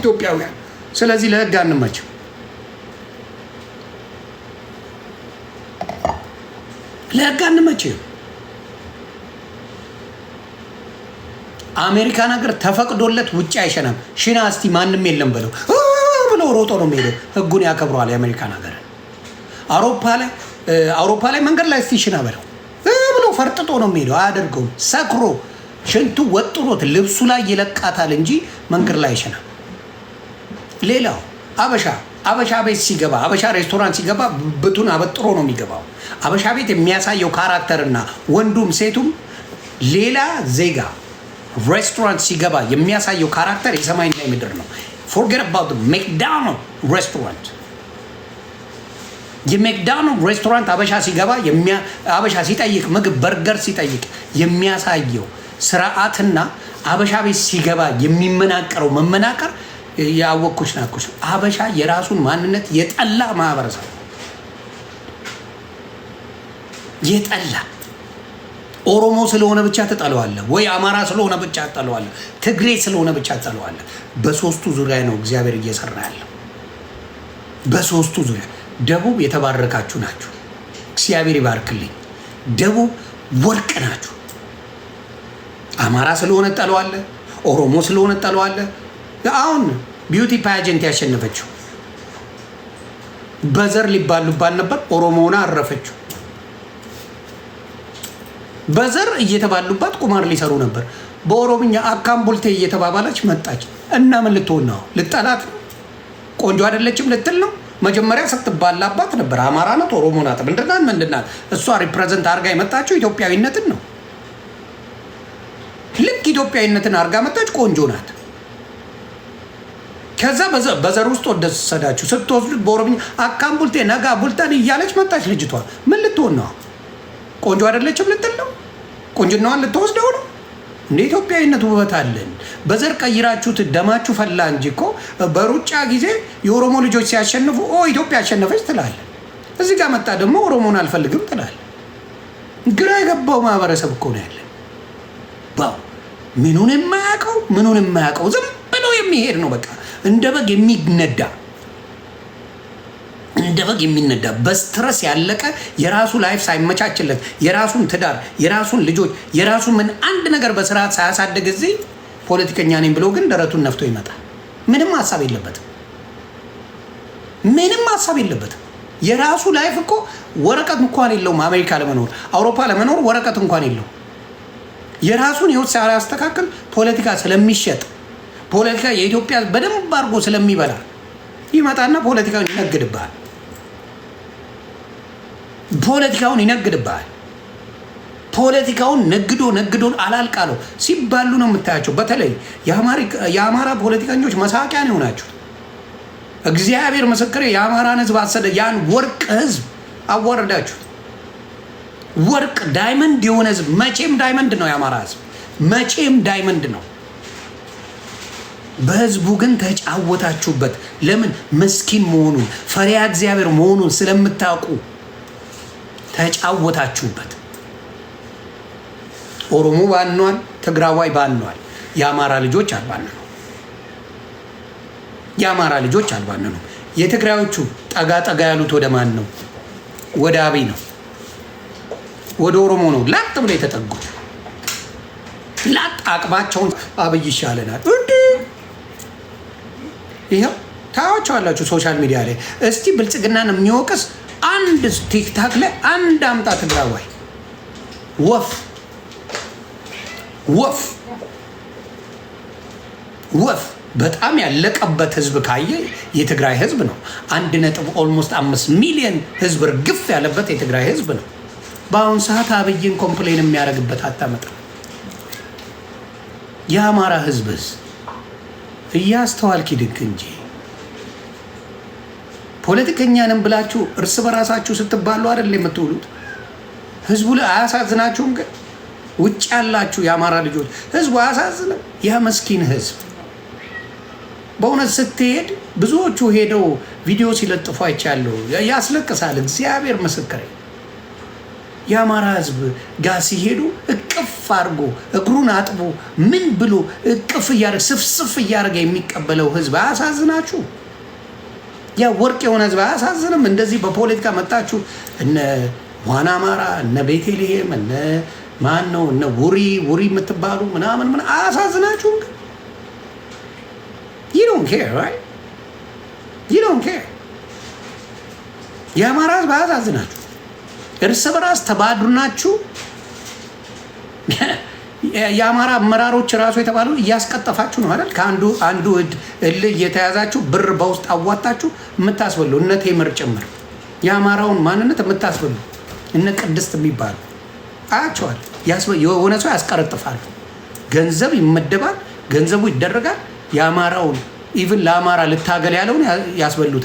ኢትዮጵያውያን። ስለዚህ ለህግ አንመቸው። ለህግ አንመቸው። አሜሪካን ሀገር ተፈቅዶለት ውጭ አይሸናም። ሽና እስቲ ማንም የለም ብለው ብሎ ሮጦ ነው የሚሄደው። ህጉን ያከብረዋል የአሜሪካን ሀገር። አውሮፓ ላይ አውሮፓ ላይ መንገድ ላይ እስቲ ሽና በለው ብለው ፈርጥጦ ነው የሚሄደው። አያደርገውም። ሰክሮ ሽንቱ ወጥሮት ልብሱ ላይ ይለቃታል እንጂ መንገድ ላይ አይሸናም። ሌላው አበሻ አበሻ ቤት ሲገባ አበሻ ሬስቶራንት ሲገባ ብቱን አበጥሮ ነው የሚገባው። አበሻ ቤት የሚያሳየው ካራክተርና ወንዱም ሴቱም ሌላ ዜጋ ሬስቶራንት ሲገባ የሚያሳየው ካራክተር የሰማይና የምድር ነው። ፎርጌት አባውት ሜክዳናልድ ሬስቶራንት የሜክዳናልድ ሬስቶራንት አበሻ ሲገባ አበሻ ሲጠይቅ ምግብ በርገር ሲጠይቅ የሚያሳየው ስርዓትና አበሻ ቤት ሲገባ የሚመናቀረው መመናቀር ያወቅኩሽ ናኩሽ። አበሻ የራሱን ማንነት የጠላ ማህበረሰብ የጠላ ኦሮሞ ስለሆነ ብቻ ትጠለዋለህ ወይ አማራ ስለሆነ ብቻ ትጠለዋለህ፣ ትግሬ ስለሆነ ብቻ ትጠለዋለህ። በሶስቱ ዙሪያ ነው እግዚአብሔር እየሰራ ያለው። በሶስቱ ዙሪያ ደቡብ የተባረካችሁ ናችሁ። እግዚአብሔር ይባርክልኝ። ደቡብ ወርቅ ናችሁ። አማራ ስለሆነ ትጠለዋለህ፣ ኦሮሞ ስለሆነ ትጠለዋለህ። አሁን ቢዩቲ ፓጀንት ያሸነፈችው በዘር ሊባሉባት ነበር። ኦሮሞና አረፈችው። በዘር እየተባሉባት ቁማር ሊሰሩ ነበር። በኦሮምኛ አካም ቡልቴ እየተባባለች መጣች እና ምን ልትሆን ነው? ልጠላት ቆንጆ አይደለችም ልትል ነው? መጀመሪያ ስትባላባት ነበር። አማራ ናት፣ ኦሮሞ ናት፣ ምንድናት፣ ምንድናት? እሷ ሪፕሬዘንት አድርጋ የመጣችው ኢትዮጵያዊነትን ነው። ልክ ኢትዮጵያዊነትን አድርጋ መጣች። ቆንጆ ናት። ከዛ በዘር ውስጥ ወደሰዳችሁ ስትወስዱት በኦሮምኛ አካም ቡልቴ ነጋ ቡልታን እያለች መጣች ልጅቷ። ምን ልትሆን ነው? ቆንጆ አይደለችም ልትል ነው? ቁንጅናዋን ልትወስደው ነው? እንደ ኢትዮጵያዊነት ውበት አለን። በዘር ቀይራችሁት ደማችሁ ፈላ እንጂ እኮ በሩጫ ጊዜ የኦሮሞ ልጆች ሲያሸንፉ ኦ ኢትዮጵያ አሸነፈች ትላለ። እዚህ ጋር መጣ ደግሞ ኦሮሞን አልፈልግም ትላለ። ግራ የገባው ማህበረሰብ እኮ ነው ያለን። ባው ምኑን የማያውቀው ምኑን የማያውቀው ዝም ብሎ የሚሄድ ነው በቃ እንደ በግ የሚነዳ እንደ በግ የሚነዳ በስትረስ ያለቀ የራሱ ላይፍ ሳይመቻችለት የራሱን ትዳር፣ የራሱን ልጆች፣ የራሱ ምን አንድ ነገር በስርዓት ሳያሳድግ እዚህ ፖለቲከኛ ነኝ ብሎ ግን ደረቱን ነፍቶ ይመጣል። ምንም ሀሳብ የለበትም። ምንም ሀሳብ የለበትም። የራሱ ላይፍ እኮ ወረቀት እንኳን የለውም። አሜሪካ ለመኖር አውሮፓ ለመኖር ወረቀት እንኳን የለውም። የራሱን ህይወት ሳያስተካክል ፖለቲካ ስለሚሸጥ ፖለቲካ የኢትዮጵያ በደንብ አድርጎ ስለሚበላ ይመጣና ፖለቲካውን ይነግድብሃል። ፖለቲካውን ይነግድብሃል። ፖለቲካውን ነግዶ ነግዶ አላልቃለው ሲባሉ ነው የምታያቸው። በተለይ የአማራ ፖለቲከኞች መሳቂያ ነው የሆናችሁት። እግዚአብሔር ምስክር የአማራን ህዝብ አሰደ። ያን ወርቅ ህዝብ አዋረዳችሁት። ወርቅ ዳይመንድ የሆነ ህዝብ መቼም ዳይመንድ ነው የአማራ ህዝብ መቼም ዳይመንድ ነው። በህዝቡ ግን ተጫወታችሁበት። ለምን? ምስኪን መሆኑን ፈሪያ እግዚአብሔር መሆኑን ስለምታውቁ ተጫወታችሁበት። ኦሮሞ ባኗል፣ ትግራዋይ ባኗል። የአማራ ልጆች አልባነኑ። የአማራ ልጆች አልባነኑ። የትግራዮቹ ጠጋ ጠጋ ያሉት ወደ ማን ነው? ወደ አብይ ነው፣ ወደ ኦሮሞ ነው። ላጥ ብሎ የተጠጉት ላጥ አቅማቸውን አብይ ይሻለናል ይኸው ታያቸዋላችሁ ሶሻል ሚዲያ ላይ። እስቲ ብልጽግናን የሚወቅስ አንድ ቲክታክ ላይ አንድ አምጣ። ትግራዋይ ወፍ ወፍ ወፍ በጣም ያለቀበት ህዝብ ካየ የትግራይ ህዝብ ነው። አንድ ነጥብ ኦልሞስት አምስት ሚሊዮን ህዝብ እርግፍ ያለበት የትግራይ ህዝብ ነው። በአሁኑ ሰዓት አብይን ኮምፕሌን የሚያደርግበት አታመጣ። የአማራ ህዝብስ እያስተዋልክ ይድግ እንጂ ፖለቲከኛንም ብላችሁ እርስ በራሳችሁ ስትባሉ አይደል የምትውሉት? ህዝቡ ላይ አያሳዝናችሁም? ግን ውጭ ያላችሁ የአማራ ልጆች ህዝቡ አያሳዝንም? ያ መስኪን ህዝብ በእውነት ስትሄድ ብዙዎቹ ሄደው ቪዲዮ ሲለጥፉ አይቻለሁ። ያስለቅሳል። እግዚአብሔር ምስክሬ የአማራ ህዝብ ጋር ሲሄዱ እቅፍ አድርጎ እግሩን አጥቦ ምን ብሎ እቅፍ እያደረገ ስፍስፍ እያደረገ የሚቀበለው ህዝብ አያሳዝናችሁ? ያ ወርቅ የሆነ ህዝብ አያሳዝንም? እንደዚህ በፖለቲካ መጣችሁ እነ ዋና አማራ እነ ቤቴልሄም፣ እነ ማን ነው እነ ውሪ ውሪ የምትባሉ ምናምን ምን አያሳዝናችሁ? የአማራ ህዝብ አያሳዝናችሁ? እርስ በራስ ተባዱናችሁ የአማራ አመራሮች ራሱ የተባሉ እያስቀጠፋችሁ ነው አይደል? ከአንዱ አንዱ እድ እልህ እየተያዛችሁ ብር በውስጥ አዋጣችሁ የምታስበሉ እነ ቴምር ጭምር የአማራውን ማንነት የምታስበሉ እነ ቅድስት የሚባሉ አያቸዋል። የሆነ ሰው ያስቀረጥፋሉ። ገንዘብ ይመደባል፣ ገንዘቡ ይደረጋል። የአማራውን ኢቭን ለአማራ ልታገል ያለውን ያስበሉታል።